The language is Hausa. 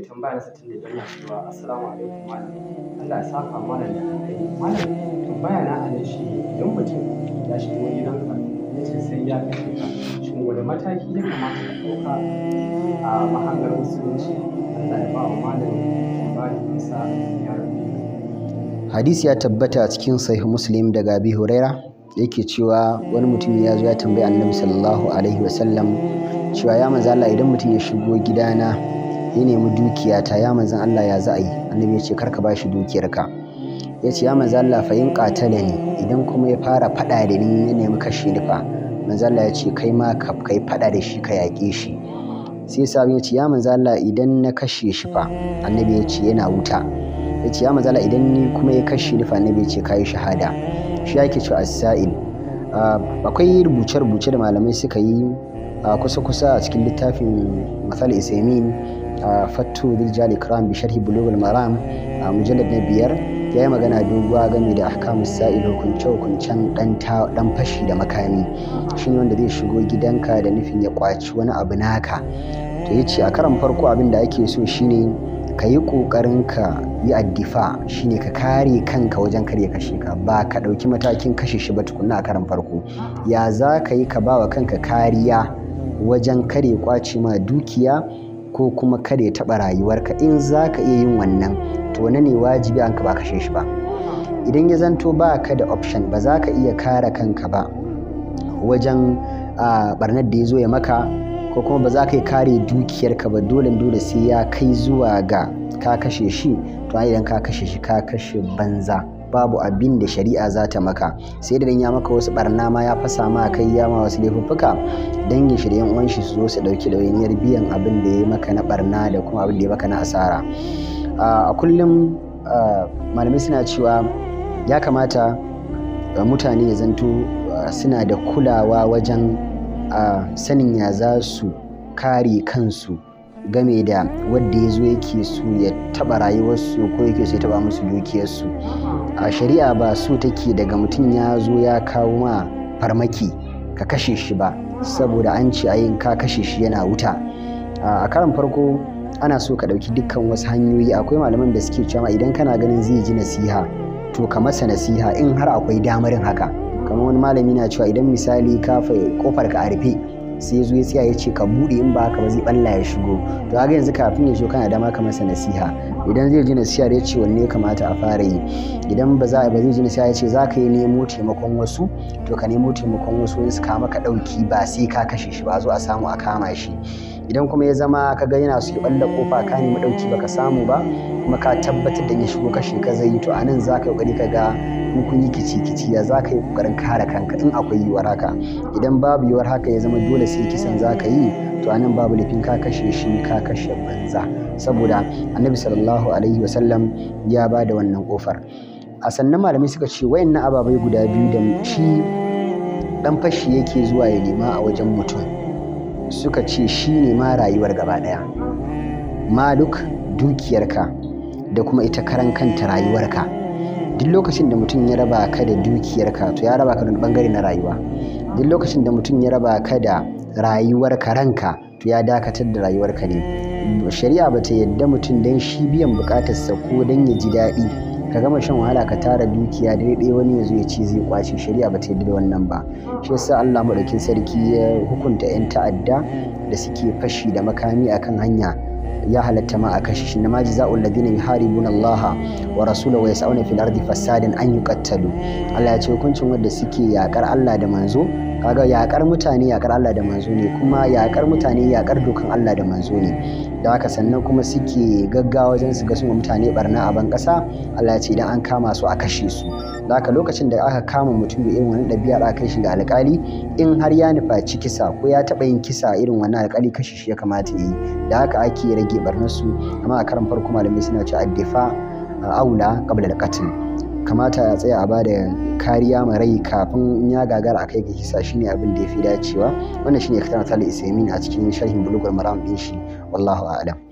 mai tambaya na da 65 na cewa assalamu alaikum malam Allah ya saka malam da alheri malam tambaya na anan shi idan mutum ya shigo gidanka ya ce sai ya kashe ka shin wani mataki ya kamata ka ɗauka a mahangar musulunci Allah ya ba wa malam ba da nisa ya rabu hadisi ya tabbata a cikin sahih muslim daga abi huraira yake cewa wani mutum ya zo ya tambayi annabi sallallahu alaihi wasallam cewa ya manzo Allah idan mutum ya shigo gidana ya nemi dukiyata ya manzan Allah ya za a yi annabi ya ce karka ba shi ka ya ce ya manzan Allah fa yin katala ne idan kuma ya fara fada da ni ya nemi kashe ni fa manzan Allah ya ce kai ma ka kai fada da shi ka yaƙe shi sai sabi ya ce ya manzan Allah idan na kashe shi fa annabi ya ce yana wuta ya ce ya manzan Allah idan ni kuma ya kashe ni fa annabi ya ce ka yi shahada shi yake cewa as-sa'il akwai rubuce-rubuce da malamai suka yi kusa-kusa a cikin littafin misali isaimin Ah, fattu diljali ikram bi sharhi bulugul maram a ah, mujallar na biyar ya yi magana doguwa game da ahkamu sa'il hukunce-hukuncen dan fashi da makami shine wanda zai shigo gidanka da nufin ya kwaci wani abu naka to yace a karan farko abin da ake so shine ka yi kokarin ka yi addifa shine ka kare kanka wajen kare kashe ka ba ka ɗauki matakin kashe shi ba tukunna a karan farko ya za ka yi ka ba wa kanka kariya wajen kare kwaci ma dukiya ko kuma kada ya taɓa rayuwarka in za ka iya yin wannan to wani ne wajibi an ka ba kashe shi ba idan ya zanto ba ka da option ba za ka iya kare kanka ba wajen barnar da ya zo ya maka ko kuma ba za ka yi kare dukiyarka ba dole dole sai ya kai zuwa ga ka kashe shi to idan ka kashe shi ka kashe banza. babu abin da shari'a za ta maka sai da ya maka wasu barna ma ya fasa ma kai ya ma wasu laifuffuka dangin shi da yan uwan shi su zo su dauki dawainiyar biyan abin da ya maka na barna da kuma abin da ya maka na asara a kullum malamai suna cewa ya kamata mutane ya zanto suna da kulawa wajen sanin ya za su kare kansu game da wadda ya zo yake so ya taba rayuwarsu ko yake so ya taba musu dukiyarsu a shari'a ba su take daga mutum ya zo ya kawo ma farmaki ka kashe shi ba saboda an ce ayin ka kashe shi yana wuta a karan farko ana so ka ɗauki dukkan wasu hanyoyi akwai malaman da suke cewa idan kana ganin zai ji nasiha to ka masa nasiha in har akwai damarin haka kamar wani malami na cewa idan misali ka kofar ka a rufe sai ya zo ya tsaya ya ce ka buɗe in ba haka ba zai balla ya shigo to haka yanzu kafin ya shigo kana dama ka masa nasiha idan zai ji nasiha ya ce wanne kamata a fara yi idan ba za ba zai ji nasiha ya ce za ka yi nemo taimakon wasu to ka nemo taimakon wasu wani su kama ka ɗauki ba sai ka kashe shi ba zo a samu a kama shi idan kuma ya zama ka ga yana su balla kofa ka ne madauki baka samu ba kuma ka tabbatar da ya shigo kashe ka zai to anan za ka yi kokari ka ga in kun yi kici kici ya za ka yi kokarin kare kanka in akwai yiwuwar haka idan babu yiwuwar haka ya zama dole sai kisan za ka yi to anan babu lafin ka kashe shi ka kashe banza saboda annabi sallallahu alaihi wasallam ya ba da wannan kofar a sannan malamai suka ce wayannan ababai guda biyu da shi dan fashi yake zuwa ya nema a wajen mutum suka ce shi ne ma rayuwar gaba ɗaya maluk dukiyarka da kuma ita karan kanta rayuwarka duk lokacin da mutum ya raba ka da dukiyarka to ya raba ka da bangare na rayuwa duk lokacin da mutum ya raba ka da rayuwar ranka to ya dakatar da rayuwarka ne shari'a ba ta yadda mutum don shi biyan bukatarsa ko don ya ji daɗi ka gama shan wahala ka tara dukiya da daidai wani ya zo ya ce zai kwace shari'a ba ta yadda da wannan ba shi yasa Allah madaukin sarki ya hukunta 'yan ta'adda da suke fashi da makami akan hanya ya halatta ma a kashe shi namaji jaza'ul ladina yuharibuna Allah wa rasulahu wa yas'una fil ardi fasadin an yuqattalu Allah ya ce hukuncin wanda suke yakar Allah da manzo kaga yakar mutane yakar Allah da manzo ne kuma yakar mutane yakar dokan Allah da manzo ne da haka sannan kuma suke gaggawa wajen su ga su mutane barna a ban kasa Allah ya ce idan an kama su a kashe su da haka lokacin da aka kama mutum da irin wani ɗabi'a da aka kai shi ga alƙali in har ya nufaci kisa ko ya taɓa yin kisa irin wani alƙali kashe shi ya kamata ya yi da haka ake rage barnar su amma a karan farko malamai suna cewa addifa aula qabla da qatl kamata ya tsaya a ba da kariya ma rai kafin in ya gagara a kai ga kisa shine abin da ya fi dacewa wannan shine kitabun Salih Isaimin a cikin sharhin bulugul maram din shi wallahu a'lam